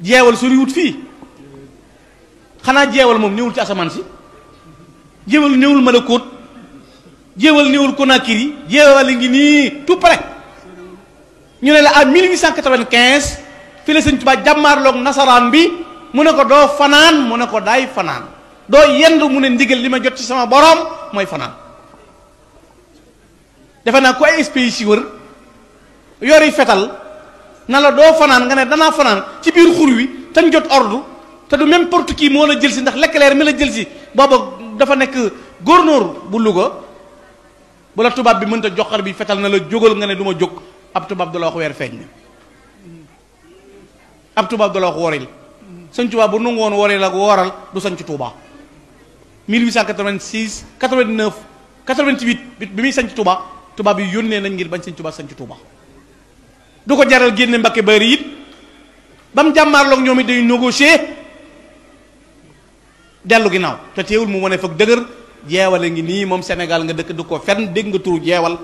jeewal suri wut fi xana jeewal mom néewul ci asaman si jeewal néewul malakut kuna kiri, konakiri jeewal ngi ni tout près ñu ne la à 1895 fi seigne touba jamar lok nasaran bi mu ne ko do fanaan mu ne ko day fanaan do yend mu ne ndigal lima jot ci sama borom moy fanan. defana ko ay espèce ci wër yori fetal na la doo fanaan nga ne danaa fanaan ci biir xur wi tañ jot ordre te du même porte qui moo la jël si ndax l'éclair mi la jël si booba dafa nekk gouverneur bu lugo bu la tubaab bi mënta joxar bi fetal na la jógal nga ne du ma jóg ab tubaab du la wax weer feeñ ab tubaab du la wax woril sëñ tubaab bu nangu woril ak woral du sañ ci tuubaa 1886 89 88 bi muy sañ ci tuubaa tubaab yi yónnee nañ ngir bañ sëñ tubaab sañ ci tuubaa du ko jaral génne Mbacké Bari it ba mu jàmmaarloog ñoom it day négocier dellu ginnaaw te teewul mu wane foog dëgër jeewale ngi nii moom senegal nga dëkk du ko fenn dégg nga turu jeewal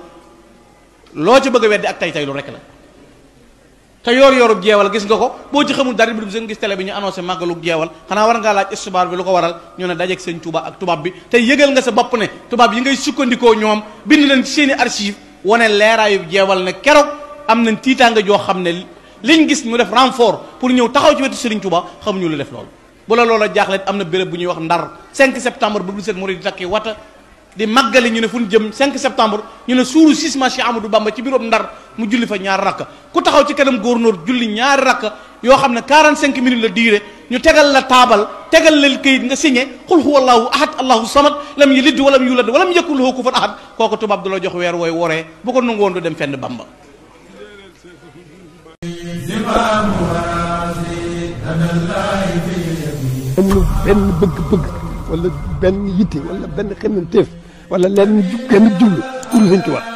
loo ci bëgg a weddi ak tay tay lu rek la te yoor yoorub jeewal gis nga ko boo ci xamul dara bi du gis télé bi ñu annoncé màggalu jeewal xanaa war ngaa laaj istibaar bi lu ko waral ñu ne dajeeg sëñ tubaab ak tubaab bi te yëgal nga sa bopp ne tubaab yi ngay sukkandikoo ñoom bind leen seen i archive wane leeraayub jeewal keroog am nañ tiitaanga joo xam ne liñ gis mu def renfort pour ñëw taxaw ci wetu Serigne Touba xamuñu lu def loolu. bu la loola jaaxle am na béréb bu ñuy wax ndar 5 septembre bu dul set murid di takki wata di maggale ñu ne fu jëm 5 septembre ñu ne suuru six ma Cheikh Amadou Bamba ci biiroom ndar mu julli fa ñaari rakk ku taxaw ci kanam góornóor julli ñaari rakk yoo xam ne 45 minutes la diire ñu tegal la taabal tegal la këyit nga signé xul huwallahu ahad allahu samad lam yalid walam yulad walam yakul lahu kufuwan ahad kooku tubaab du la jox weer wooy woree bu ko nangu woon dem fenn Bamba amul benn bëgg-bëgg wala benn yitte wala benn xemmanteef wala lenn benn jullu pour Sëñ Tuubaa